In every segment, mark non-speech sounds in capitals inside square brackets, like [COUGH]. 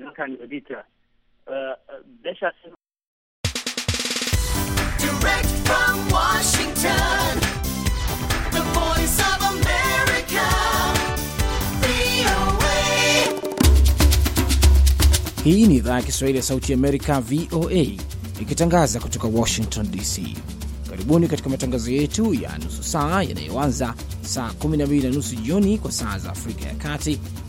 miaka iliyopita. Bila hii ni idhaa ya Kiswahili ya Sauti Amerika, VOA, ikitangaza kutoka Washington DC. Karibuni katika matangazo yetu ya nusu saa yanayoanza saa 12 na nusu jioni kwa saa za Afrika ya Kati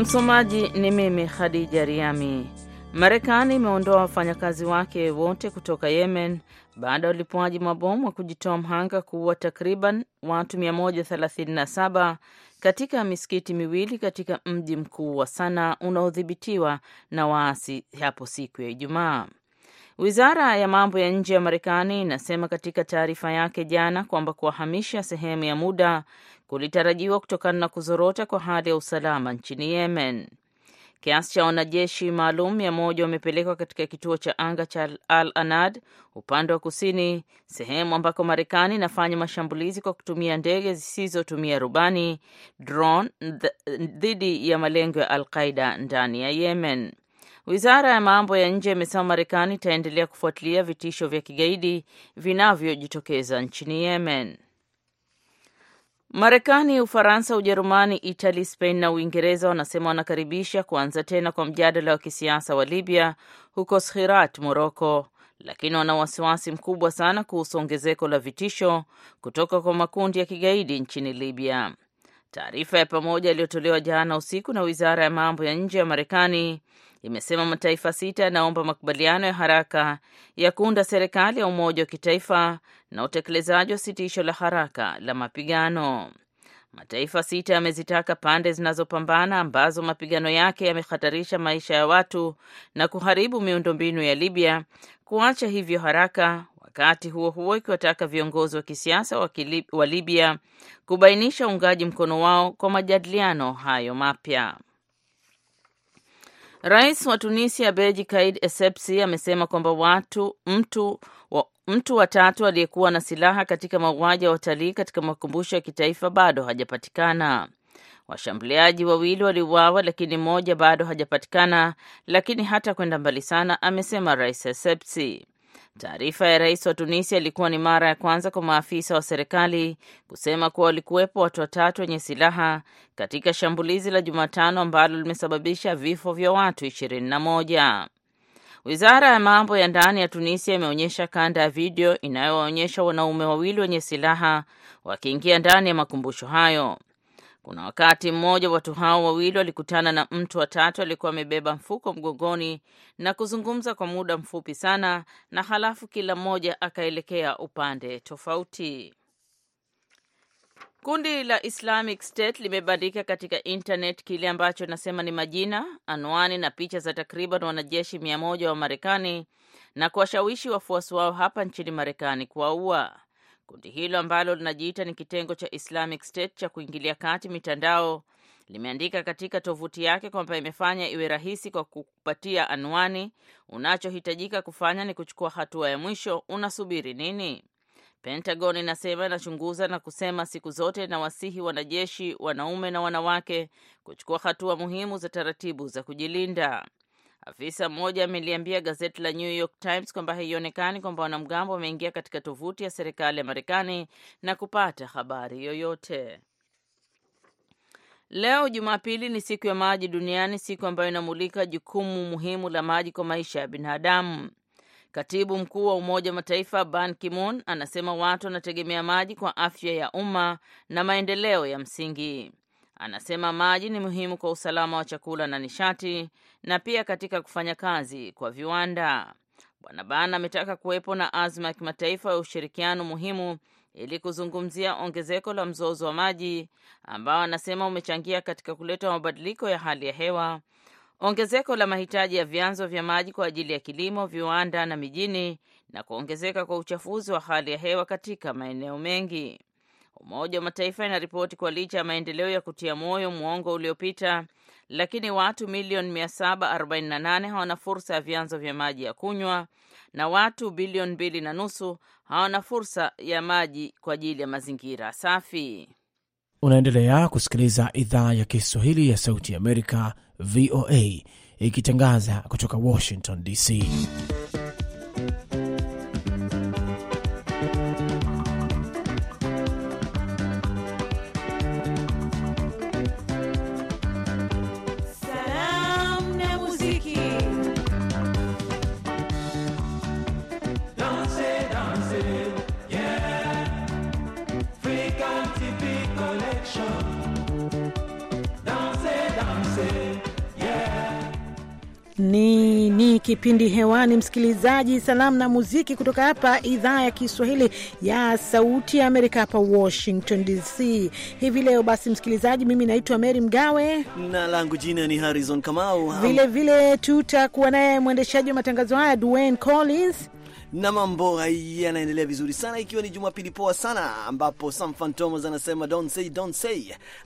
Msomaji ni mimi Khadija Riami. Marekani imeondoa wafanyakazi wake wote kutoka Yemen baada ya ulipuaji mabomu wa kujitoa mhanga kuua takriban watu 137 katika misikiti miwili katika mji mkuu wa Sana unaodhibitiwa na waasi hapo siku ya Ijumaa. Wizara ya mambo ya nje ya Marekani inasema katika taarifa yake jana kwamba kuwahamisha sehemu ya muda kulitarajiwa kutokana na kuzorota kwa hali ya usalama nchini Yemen. Kiasi cha wanajeshi maalum mia moja wamepelekwa katika kituo cha anga cha Al Anad upande wa kusini, sehemu ambako Marekani inafanya mashambulizi kwa kutumia ndege zisizotumia rubani drone dhidi ya malengo ya Al Qaida ndani ya Yemen. Wizara ya mambo ya nje imesema Marekani itaendelea kufuatilia vitisho vya kigaidi vinavyojitokeza nchini Yemen. Marekani, Ufaransa, Ujerumani, Itali, Spain na Uingereza wanasema wanakaribisha kuanza tena kwa mjadala wa kisiasa wa Libya huko Skhirat, Moroko, lakini wana wasiwasi mkubwa sana kuhusu ongezeko la vitisho kutoka kwa makundi ya kigaidi nchini Libya. Taarifa ya pamoja iliyotolewa jana usiku na wizara ya mambo ya nje ya Marekani imesema mataifa sita yanaomba makubaliano ya haraka ya kuunda serikali ya umoja wa kitaifa na utekelezaji wa sitisho la haraka la mapigano. Mataifa sita yamezitaka pande zinazopambana ambazo mapigano yake yamehatarisha maisha ya watu na kuharibu miundombinu ya Libya kuacha hivyo haraka, Wakati huo huo, ikiwataka viongozi wa kisiasa wa, wa Libya kubainisha uungaji mkono wao kwa majadiliano hayo mapya. Rais wa Tunisia Beji Caid Essebsi amesema kwamba watu mtu wa, mtu watatu aliyekuwa na silaha katika mauaji ya watalii katika makumbusho ya kitaifa bado hajapatikana. Washambuliaji wawili waliuawa, lakini mmoja bado hajapatikana, lakini hata kwenda mbali sana, amesema Rais Essebsi. Taarifa ya rais wa Tunisia ilikuwa ni mara ya kwanza kwa maafisa wa serikali kusema kuwa walikuwepo watu watatu wenye silaha katika shambulizi la Jumatano ambalo limesababisha vifo vya watu ishirini na moja. Wizara ya mambo ya ndani ya Tunisia imeonyesha kanda ya video inayowaonyesha wanaume wawili wenye silaha wakiingia ndani ya makumbusho hayo. Kuna wakati mmoja watu hao wawili walikutana na mtu wa tatu alikuwa amebeba mfuko mgongoni na kuzungumza kwa muda mfupi sana, na halafu kila mmoja akaelekea upande tofauti. Kundi la Islamic State limebandika katika internet kile ambacho inasema ni majina, anwani na picha za takriban wanajeshi mia moja wa Marekani na kuwashawishi wafuasi wao hapa nchini Marekani kuwaua. Kundi hilo ambalo linajiita ni kitengo cha Islamic State cha kuingilia kati mitandao limeandika katika tovuti yake kwamba imefanya iwe rahisi kwa kupatia anwani. Unachohitajika kufanya ni kuchukua hatua ya mwisho. Unasubiri nini? Pentagon inasema inachunguza na kusema siku zote inawasihi wanajeshi wanaume na wanawake kuchukua hatua muhimu za taratibu za kujilinda. Afisa mmoja ameliambia gazeti la New York Times kwamba haionekani kwamba wanamgambo wameingia katika tovuti ya serikali ya Marekani na kupata habari yoyote. Leo Jumapili ni siku ya maji duniani, siku ambayo inamulika jukumu muhimu la maji kwa maisha ya binadamu. Katibu mkuu wa Umoja wa Mataifa Ban Ki-moon anasema watu wanategemea maji kwa afya ya umma na maendeleo ya msingi. Anasema maji ni muhimu kwa usalama wa chakula na nishati na pia katika kufanya kazi kwa viwanda. Bwana Ban ametaka kuwepo na azma ya kimataifa ya ushirikiano muhimu ili kuzungumzia ongezeko la mzozo wa maji ambao anasema umechangia katika kuleta mabadiliko ya hali ya hewa, ongezeko la mahitaji ya vyanzo vya maji kwa ajili ya kilimo, viwanda na mijini, na kuongezeka kwa uchafuzi wa hali ya hewa katika maeneo mengi. Umoja wa Mataifa inaripoti kwa licha ya maendeleo ya kutia moyo mwongo uliopita, lakini watu milioni 748 hawana fursa ya vyanzo vya maji ya kunywa na watu bilioni mbili na nusu hawana fursa ya maji kwa ajili ya mazingira safi. Unaendelea kusikiliza idhaa ya Kiswahili ya Sauti ya Amerika, VOA, ikitangaza kutoka Washington DC. kipindi hewani, msikilizaji, salamu na muziki kutoka hapa idhaa ya Kiswahili ya Sauti ya Amerika, hapa Washington DC hivi leo. Basi msikilizaji, mimi naitwa Meri Mgawe na langu jina ni Harrison Kamau. Vilevile tutakuwa naye mwendeshaji wa matangazo haya Dwayne Collins na mambo yanaendelea vizuri sana, ikiwa ni Jumapili poa sana, ambapo Sam Fantomas anasema don't say don't say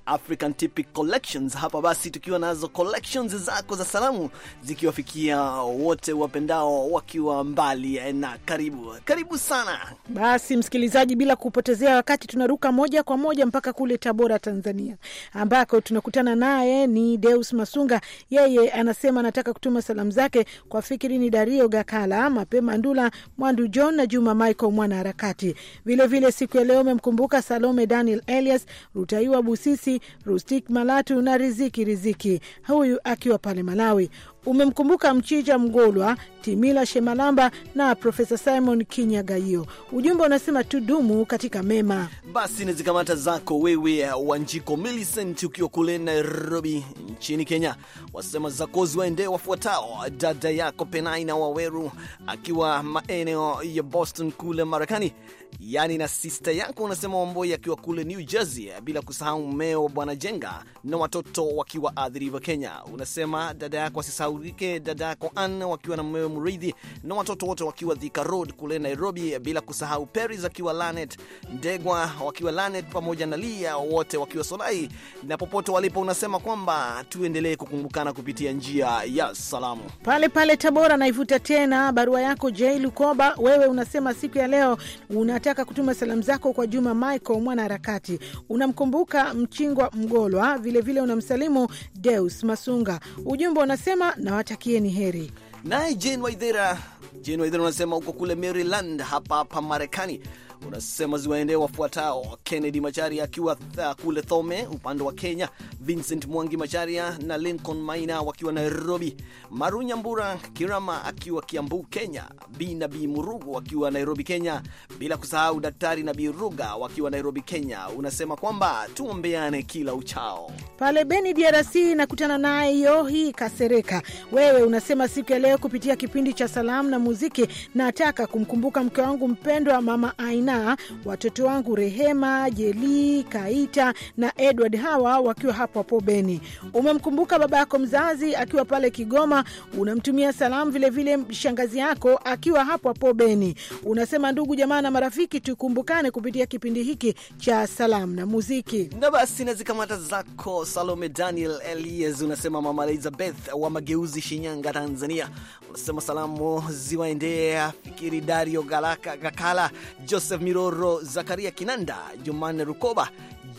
African Typic Collections. Hapa basi tukiwa nazo collections zako za salamu zikiwafikia wote wapendao wakiwa mbali na karibu. Karibu sana basi, msikilizaji, bila kupotezea wakati tunaruka moja kwa moja mpaka kule Tabora, Tanzania, ambako tunakutana naye ni Deus Masunga. Yeye anasema anataka kutuma salamu zake kwa Fikiri ni Dario Gakala, mapema Ndula Mwandu John na Juma Michael mwanaharakati. Vilevile siku ya leo amemkumbuka Salome Daniel Elias, Rutaiwa Busisi, Rustik Malatu na Riziki Riziki, huyu akiwa pale Malawi umemkumbuka Mchija Mgolwa, Timila Shemalamba na Profesa Simon kinyagaio Ujumbe unasema tudumu katika mema. Basi ni zikamata zako wewe, eh, Wanjiko Milicent, ukiwa kule Nairobi nchini Kenya, wasema zakozi waende wafuatao: dada yako Penai na Waweru akiwa maeneo ya Boston kule Marekani, yani na sista yako unasema Wamboi akiwa kule New Jersey, bila kusahau mmeo Bwana Jenga na watoto wakiwa Adhiriva, Kenya. Unasema dada yako asisaurike dada yako Ann wakiwa na mmeo Mridhi na watoto wote wakiwa Thika Road kule Nairobi, bila kusahau Peris akiwa Lanet, Ndegwa wakiwa Lanet pamoja na Lia wote wakiwa Solai na popote walipo, unasema kwamba tuendelee kukumbukana kupitia njia ya salamu. Pale pale Tabora naivuta tena barua yako J Lukoba, wewe unasema siku ya leo una unataka kutuma salamu zako kwa Juma Michael mwanaharakati, unamkumbuka Mchingwa Mgolwa, vilevile unamsalimu Deus Masunga. Ujumbe unasema nawatakieni heri. Naye Jane Waithera, Jane Waithera unasema uko kule Maryland, hapa hapa Marekani unasema ziwaendee wafuatao: Kennedy Macharia akiwa kule Thome upande wa Kenya, Vincent Mwangi Macharia na Lincoln Maina wakiwa Nairobi, Maru Nyambura Kirama akiwa Kiambu, Kenya, B na B Murugu wakiwa Nairobi, Kenya, bila kusahau Daktari na Biruga wakiwa Nairobi, Kenya. Unasema kwamba tuombeane kila uchao. Pale Beni, DRC, nakutana naye Yohi Kasereka. Wewe unasema siku ya leo kupitia kipindi cha salamu na muziki, nataka kumkumbuka mke wangu mpendwa Mama Aina na watoto wangu Rehema, Jeli, Kaita na Edward, hawa wakiwa hapo hapo Beni. Umemkumbuka baba yako mzazi akiwa pale Kigoma, unamtumia salamu vilevile shangazi yako akiwa hapo hapo Beni. Unasema ndugu jamaa na marafiki, tukumbukane kupitia kipindi hiki cha salamu na muziki. Na basi nazikamata zako Salome Daniel Elias, unasema mama Elizabeth wa Mageuzi, Shinyanga, Tanzania. Unasema salamu ziwaendea Fikiri Dario Galaka, Gakala Joseph Miroro, Zakaria Kinanda, jumane Rukoba,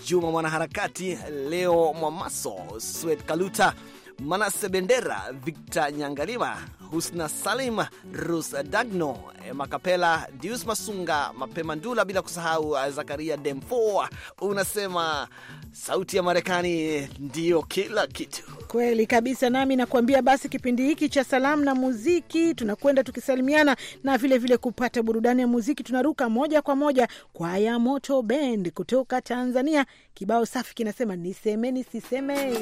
Juma Mwanaharakati, Leo Mwamaso, Swet Kaluta, Manase Bendera, Victor Nyangalima, Husna Salim, rus Dagno, Makapela, Dius Masunga, Mapema Ndula, bila kusahau uh, Zakaria Demfo. Unasema sauti ya Marekani ndiyo kila kitu. Kweli kabisa, nami nakuambia basi, kipindi hiki cha salamu na muziki tunakwenda tukisalimiana na vilevile vile kupata burudani ya muziki. Tunaruka moja kwa moja kwa ya Moto Bend kutoka Tanzania, kibao safi kinasema nisemeni sisemei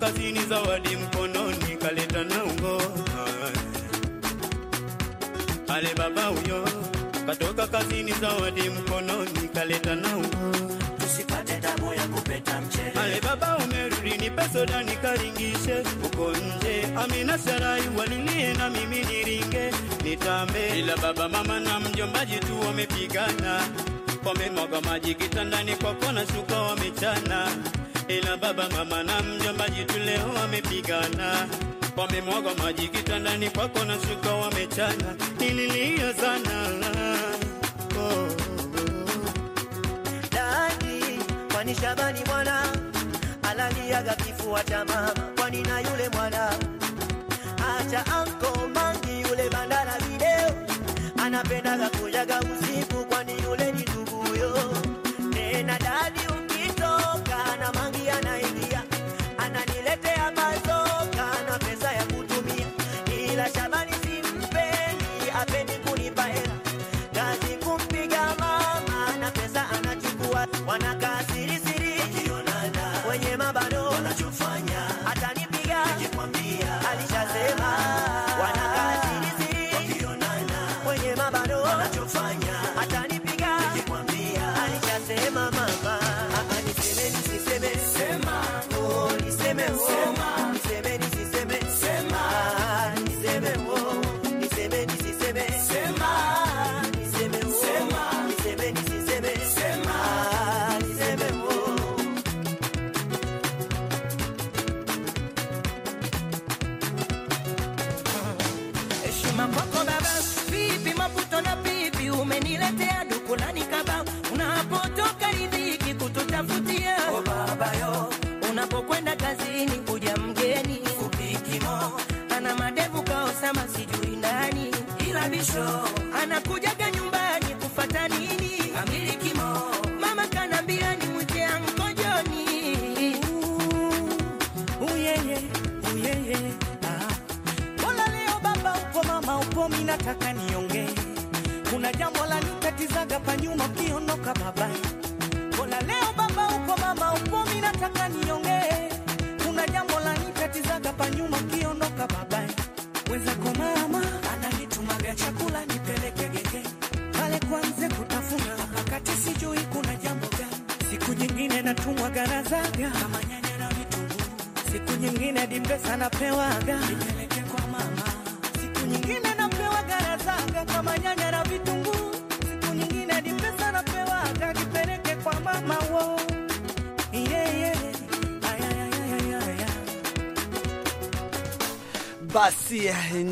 kazini, zawadi mkononi, kaleta na ungo. Ale baba huyo katoka kazini, zawadi mkononi, kaleta na ungo. Usipate tabu ya kupeta mchele. Ale baba umerudi, nipe soda nikaringishe uko nje. Amina Sarai walilie na mimi niringe nitambe, ila baba mama na mjombaji tu wamepigana, wamemwaga maji kitandani kwako na shuka wamechana ila baba mama na mjomba jitu leo wamepigana, wamemwaga maji kitandani kwako na shuka wamechana, nililia sana oh, oh, oh. Dadi kwani Shabani mwana alaliaga kifua cha mama kwani na yule mwana acha anko mangi yule bandara video anapendaga kujaga usiku kwani yule show.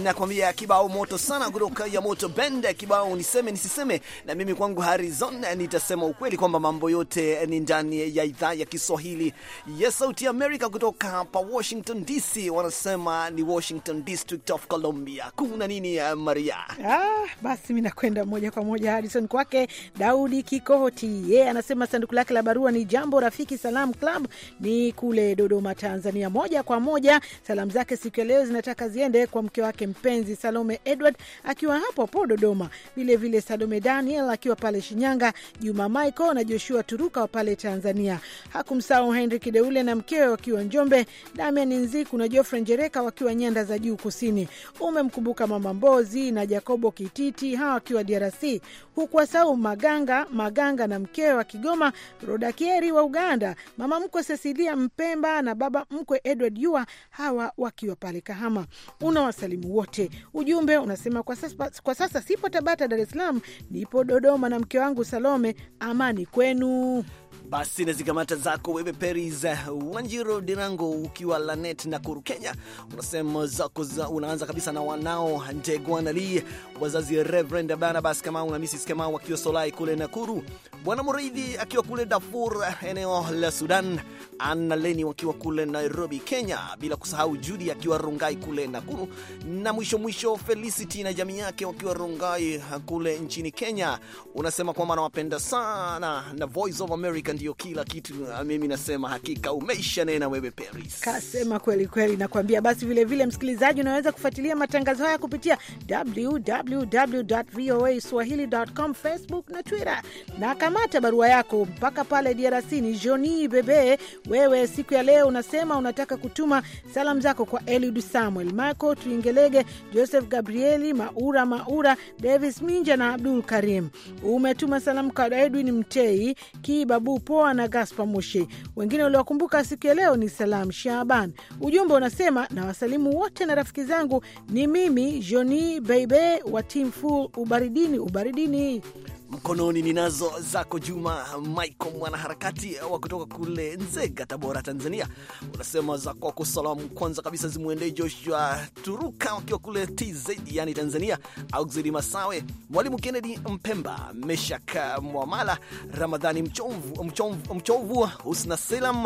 nakwambia kibao moto sana kutoka ya moto bende, kibao niseme nisiseme. Na mimi kwangu Harizon nitasema ukweli kwamba mambo yote ni ndani ya idhaa ya Kiswahili ya Sauti ya Amerika kutoka hapa Washington DC, wanasema ni Washington District of Columbia. Kuna nini ya eh, Maria? Ah, basi mimi nakwenda moja kwa moja Harrison kwake Daudi Kikoti. Yeye yeah, anasema sanduku lake la barua ni Jambo Rafiki Salam Club, ni kule Dodoma, Tanzania. Moja kwa moja salamu zake siku ya leo zinataka ziende kwa mke wake mpenzi Salome Edward akiwa hapo hapo Dodoma, vilevile Salome Daniel akiwa pale Shinyanga, Juma Michael na Joshua Turuka wa pale Tanzania. Hakumsahau Henry Kideule na mkewe wakiwa Njombe, Damian Nziku na Jofre Njereka wakiwa nyanda za juu kusini. Umemkumbuka Mama Mbozi na Jacobo Kititi, hawa wakiwa DRC, huku wasahau Maganga Maganga na mkewe wa Kigoma, Rodakieri wa Uganda, mama mkwe Cecilia Mpemba na baba mkwe Edward Yua, hawa wakiwa pale Kahama. Una wasalimu wote. Ujumbe unasema kwa sasa, kwa sasa sipo Tabata, Dar es Salaam, nipo Dodoma na mke wangu Salome. Amani kwenu. Basi na zikamata zako wewe Peris Wanjiro Dirango ukiwa Lanet na Kuru Kenya, unasema zako za unaanza kabisa na wanao Ntegwanali, wazazi Reverend Barnabas Kamau na Mrs Kamau akiwa Solai kule Nakuru, Bwana Muridhi akiwa kule Darfur eneo la Sudan, Anna Leni wakiwa kule Nairobi Kenya, bila kusahau Judy akiwa Rongai kule Nakuru, na mwisho mwisho Felicity na jamii yake wakiwa Rongai kule nchini Kenya. Unasema kwamba anawapenda sana na Voice of America ndio kila kitu. Ah, mimi nasema hakika umeisha nena wewe Paris, kasema kweli kweli, nakwambia. Basi vilevile, msikilizaji, unaweza kufuatilia matangazo haya kupitia www.voaswahili.com, Facebook na Twitter, na kamata barua yako mpaka pale DRC. Ni Joni Bebe, wewe siku ya leo unasema unataka kutuma salamu zako kwa Eliud Samuel, Marco Tuingelege, Joseph Gabrieli Maura, Maura Davis Minja na Abdul Karim. Umetuma salamu kwa Edwin Mtei Kibabu Poa na Gaspa Moshe. Wengine waliokumbuka siku ya leo ni Salam Shaban. Ujumbe unasema na wasalimu wote na rafiki zangu, ni mimi Joni Beibe wa Team ubaridini ubaridini mkononi ninazo zako Juma Michael, mwanaharakati wa kutoka kule Nzega, Tabora, Tanzania. Unasema za kwako salamu kwanza kabisa zimwendee Joshua Turuka wakiwa kule TZ, yani Tanzania, Auxili Masawe, Mwalimu Kennedy Mpemba, Meshak Mwamala, Ramadhani Mchovu, Mchovu, Mchovu, Husna Selam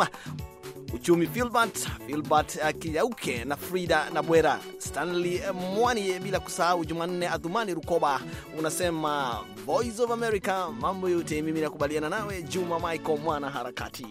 Uchumi Filbert, Filbert Kiyauke na Frida na Bwera Stanley Mwani, bila kusahau Jumanne Adhumani Rukoba. Unasema Voice of America, mambo yote mimi nakubaliana nawe, Juma Michael mwana harakati.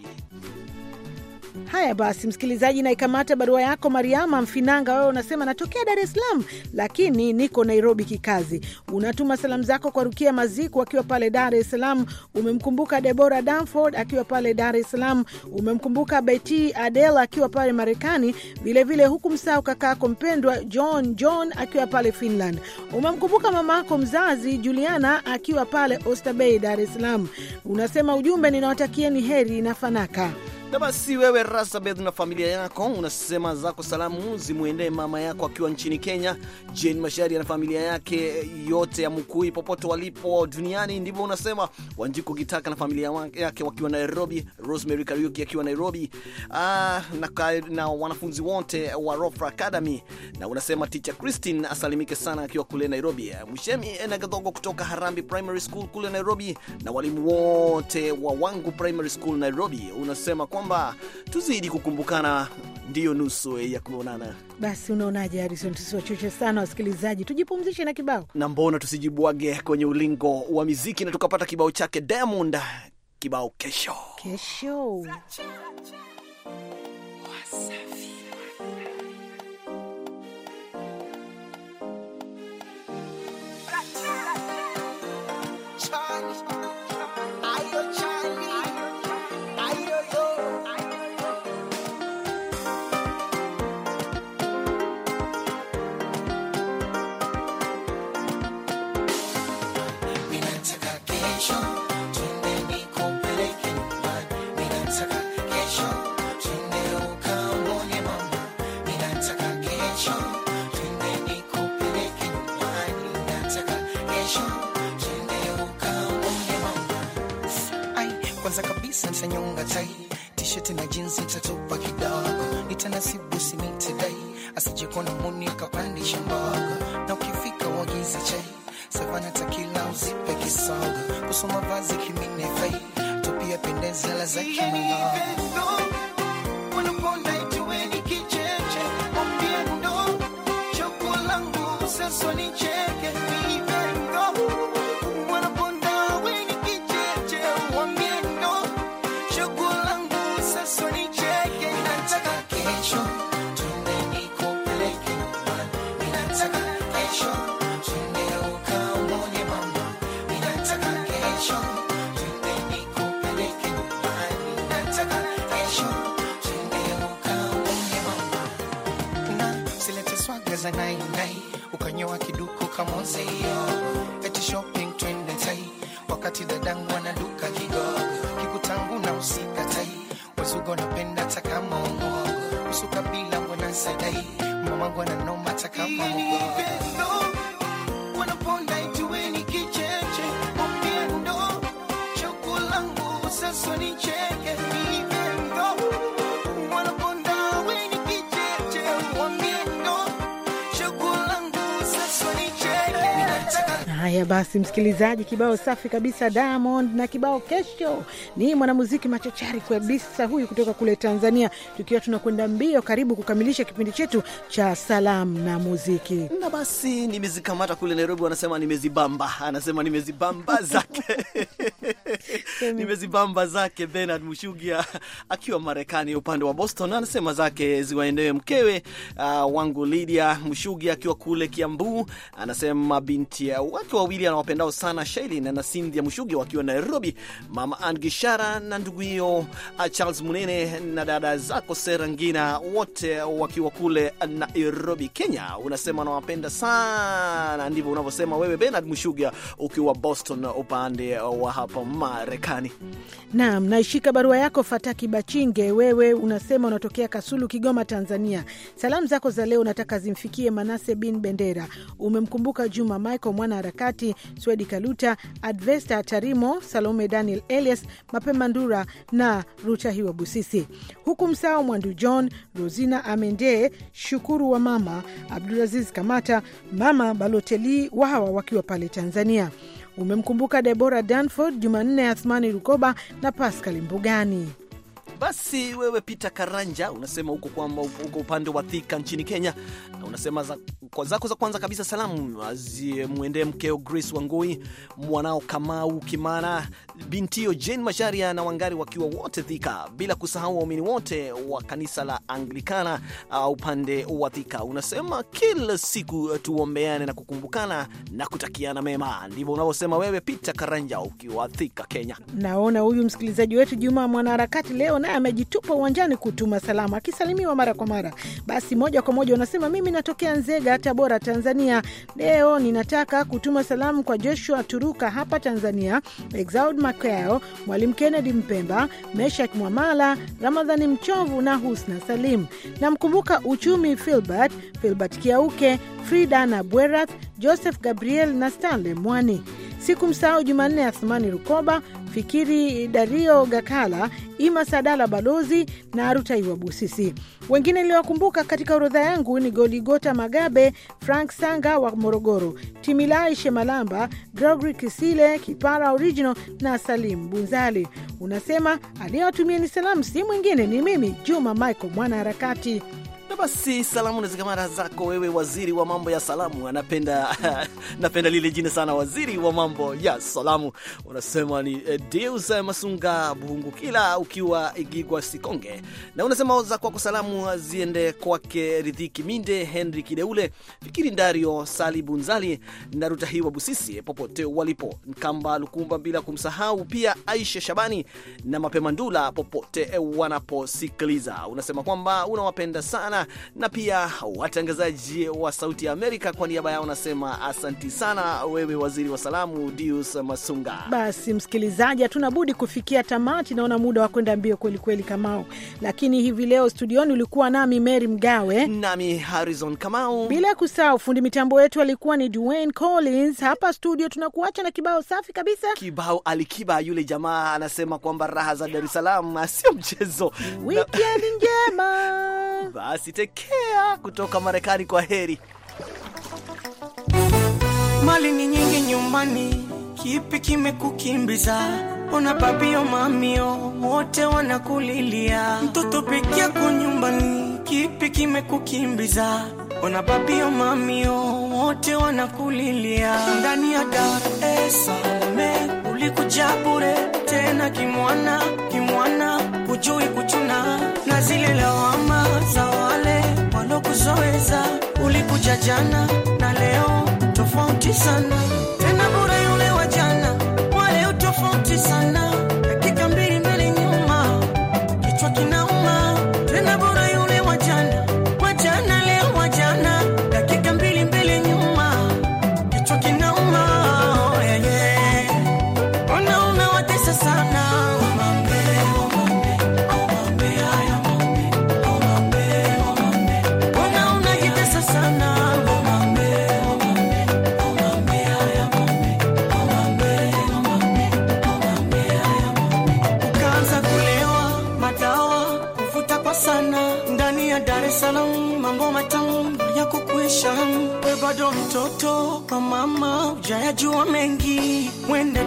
Haya basi, msikilizaji, naikamata barua yako Mariama Mfinanga. Wewe unasema natokea Dar es Salaam, lakini niko Nairobi kikazi. Unatuma salamu zako kwa Rukia Maziku akiwa pale Dar es Salaam, umemkumbuka Debora Danford akiwa pale Dar es Salaam, umemkumbuka Beti Adela akiwa pale Marekani, vilevile huku msahau kakaako mpendwa John John akiwa pale Finland, umemkumbuka mamaako mzazi Juliana akiwa pale Oysterbay, Dar es Salaam. Unasema ujumbe, ninawatakieni heri na fanaka. Na basi wewe Rasabeth na familia yako unasema zako salamu zimwendee mama yako akiwa nchini Kenya, Jane Mashari na familia yake yote ya Mkui popote walipo duniani. Ndivyo unasema Wanjiko Gitaka na familia yake wakiwa Nairobi, Rosemary Kariuki akiwa Nairobi, ah, na, na wanafunzi wote wa Rofra Academy. Na unasema teacher Christine asalimike sana akiwa kule Nairobi, Mshemi na Gathogo kutoka Harambi Primary School kule Nairobi, na walimu wote wa Wangu Primary School Nairobi. Unasema kwa kwamba tuzidi kukumbukana, ndiyo nusu ya kuonana. Basi unaonaje, Harison? Tusiwachoche sana wasikilizaji, tujipumzishe na kibao, na mbona tusijibwage kwenye ulingo wa miziki na tukapata kibao chake Diamond, kibao kesho, kesho. katai t-shirt na jinsi nitatopa kidogo, nitanasibu simiti dai asije kuona muni kapandisha mbago za nai ukanyoa kiduku kamozeo, eti shopping twende tai, wakati dadangu duka kidogo, kikutangu na usika tai wazugo napenda takamongo, usukabila bila mbona sadai, mamangu ananoma takamongo Haya basi, msikilizaji, kibao safi kabisa Diamond na kibao kesho. Ni mwanamuziki machachari kabisa huyu kutoka kule Tanzania, tukiwa tunakwenda mbio karibu kukamilisha kipindi chetu cha salamu na muziki, na basi nimezikamata kule Nairobi, wanasema nimezibamba, anasema nimezibamba [LAUGHS] zake nimezibamba zake. Bernard Mushugia ah, akiwa Marekani upande wa Boston, anasema zake ziwaendewe mkewe uh, wangu Lydia Mushugia akiwa kule Kiambu, anasema binti wake wawili anawapendao sana Shaili na Cynthia Mushuge wakiwa Nairobi, mama Angishara na ndugu hiyo ah, Charles Munene na dada zako Serangina wote wakiwa kule Nairobi, Kenya. Unasema anawapenda sana, ndivyo unavyosema wewe Bernard Mushuge ukiwa Boston upande wa hapa Marekani. Naam, naishika barua yako Fataki Bachinge, wewe unasema unatokea Kasulu, Kigoma, Tanzania. Salamu zako za leo nataka zimfikie Manase bin Bendera, umemkumbuka Juma Michael mwana harakati Bahati, Swedi Kaluta, Advesta Tarimo, Salome Daniel Elias, Mapema Ndura na hiwa Busisi, huku msao Mwandu John, Rosina Amende, Shukuru wa mama Abdulaziz Kamata, mama Baloteli, wawa wakiwa pale Tanzania. Umemkumbuka Debora Danford, Jumanne Athmani Rukoba na Pascal Mbugani. Basi wewe Peter Karanja unasema huko kwamba uko upande wa Thika nchini Kenya, unasema za, kwa zako za kwanza kabisa salamu zimwendee mkeo Grace Wangui, mwanao Kamau Kimana, bintio Jane Masharia na Wangari wakiwa wote Thika, bila kusahau waumini wote wa kanisa la Anglikana uh, upande wa Thika. Unasema kila siku tuombeane na kukumbukana na kutakiana mema. Ndivyo unavyosema wewe Peter Karanja ukiwa Thika, Kenya. Naona huyu msikilizaji wetu Juma mwanaharakati leo naye amejitupa uwanjani kutuma salamu, akisalimiwa mara kwa mara. Basi moja kwa moja unasema mimi natokea Nzega, Tabora, Tanzania. Leo ninataka kutuma salamu kwa Joshua Turuka hapa Tanzania, Exaud Macao, Mwalimu Kennedy Mpemba, Meshak Mwamala, Ramadhani Mchovu na Husna Salim. Namkumbuka Uchumi Filbert, Filbert Kiauke, Frida na Bwerath, Joseph Gabriel na Stanley Mwani. Sikumsahau Jumanne Athumani Rukoba Fikiri Dario Gakala, Ima Sadala Balozi na Rutaiwa Busisi. Wengine niliwakumbuka katika orodha yangu ni Goligota Magabe, Frank Sanga wa Morogoro, Timilai Shemalamba, Gregory Kisile, Kipara Original na Salim Bunzali. Unasema aliyewatumia ni salamu, si mwingine ni mimi Juma Michael mwanaharakati. Na basi salamu zikamara zako wewe, waziri wa mambo ya salamu. Anapenda [LAUGHS] napenda lile jina sana, waziri wa mambo ya salamu. Unasema ni eh, Deus Masunga kila ukiwa Igigwa Sikonge, na unasema za kwako salamu ziende kwake Ridhiki Minde, Henry Kideule, Fikiri Ndario, Sali Bunzali na Rutahiwa Busisi, popote walipo, Nkamba Lukumba, bila kumsahau pia Aisha Shabani na Mapema Ndula, popote wanaposikiliza. Unasema kwamba unawapenda sana na pia watangazaji wa Sauti ya Amerika. Kwa niaba yao nasema asanti sana wewe waziri wa salamu Dius Masunga. Basi msikilizaji, hatuna budi kufikia tamati, naona muda wa kwenda mbio kwelikweli Kamao, lakini hivi leo studioni ulikuwa nami Mary Mgawe nami Harrison Kamau, bila kusahau fundi mitambo yetu alikuwa ni Dwayne Collins. Hapa studio tunakuacha na kibao safi kabisa, kibao Alikiba. Yule jamaa anasema kwamba raha za Dar es Salaam [LAUGHS] sio mchezo. Wikendi njema basi, tekea kutoka Marekani, kwa heri. Mali ni nyingi nyumbani, kipi kimekukimbiza? Ona babio oh, mamio oh, wote wanakulilia, mtoto peke yako nyumbani, kipi kimekukimbiza? Ona babio oh, mamio wote wanakulilia. Ndani ya Dar es Salaam ulikuja bure, tena kimwana kimwana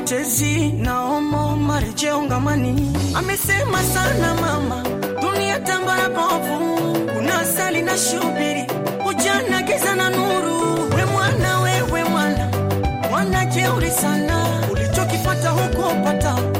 jay na Omo Marije ungamani. Amesema sana mama, dunia tambara bovu, kuna sali na shubiri, ujana giza na nuru. We mwana, wewe mwana, mwana jeuri sana, ulichokipata huko pata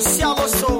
我手。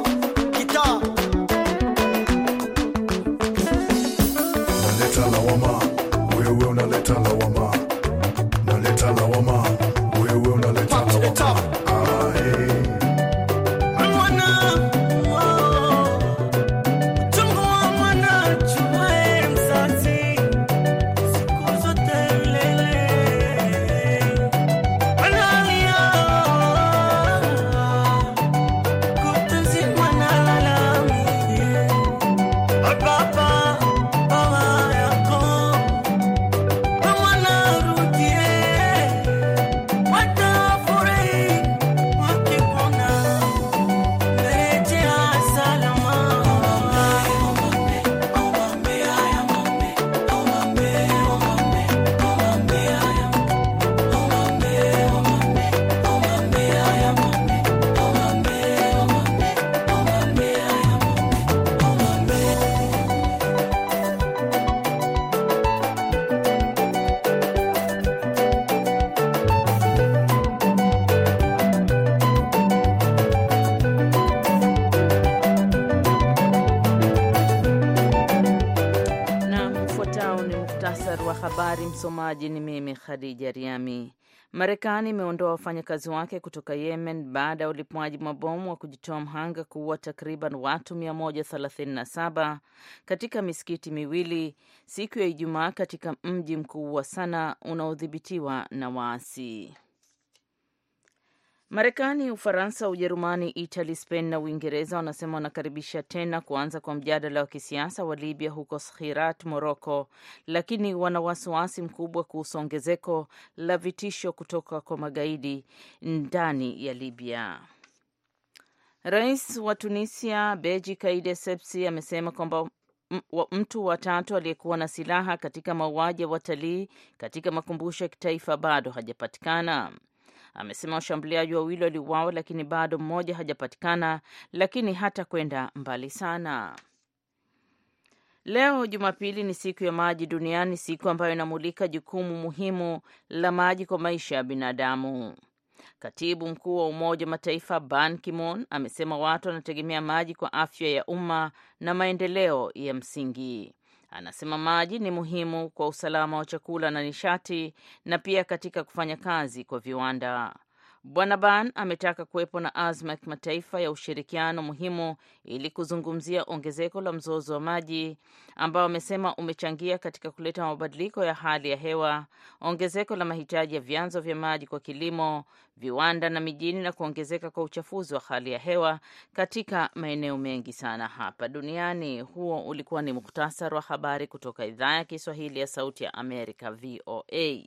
Msomaji ni mimi Khadija Riami. Marekani imeondoa wafanyakazi wake kutoka Yemen baada ya ulipwaji mabomu wa kujitoa mhanga kuua takriban watu 137 katika misikiti miwili siku ya Ijumaa katika mji mkuu wa Sana unaodhibitiwa na waasi. Marekani, Ufaransa, Ujerumani, Itali, Spain na Uingereza wanasema wanakaribisha tena kuanza kwa mjadala wa kisiasa wa Libya huko Skhirat, Moroko, lakini wana wasiwasi mkubwa kuhusu ongezeko la vitisho kutoka kwa magaidi ndani ya Libya. Rais wa Tunisia Beji Kaide Sepsi amesema kwamba mtu watatu aliyekuwa na silaha katika mauaji ya watalii katika makumbusho ya kitaifa bado hajapatikana amesema washambuliaji wawili waliuawa, lakini bado mmoja hajapatikana, lakini hata kwenda mbali sana. Leo Jumapili ni siku ya maji duniani, siku ambayo inamulika jukumu muhimu la maji kwa maisha ya binadamu. Katibu mkuu wa Umoja wa Mataifa Ban Ki-moon amesema watu wanategemea maji kwa afya ya umma na maendeleo ya msingi. Anasema maji ni muhimu kwa usalama wa chakula na nishati na pia katika kufanya kazi kwa viwanda. Bwana Ban ametaka kuwepo na azma ya kimataifa ya ushirikiano muhimu ili kuzungumzia ongezeko la mzozo wa maji ambao amesema umechangia katika kuleta mabadiliko ya hali ya hewa, ongezeko la mahitaji ya vyanzo vya maji kwa kilimo, viwanda na mijini, na kuongezeka kwa uchafuzi wa hali ya hewa katika maeneo mengi sana hapa duniani. Huo ulikuwa ni muktasari wa habari kutoka idhaa ya Kiswahili ya Sauti ya Amerika, VOA.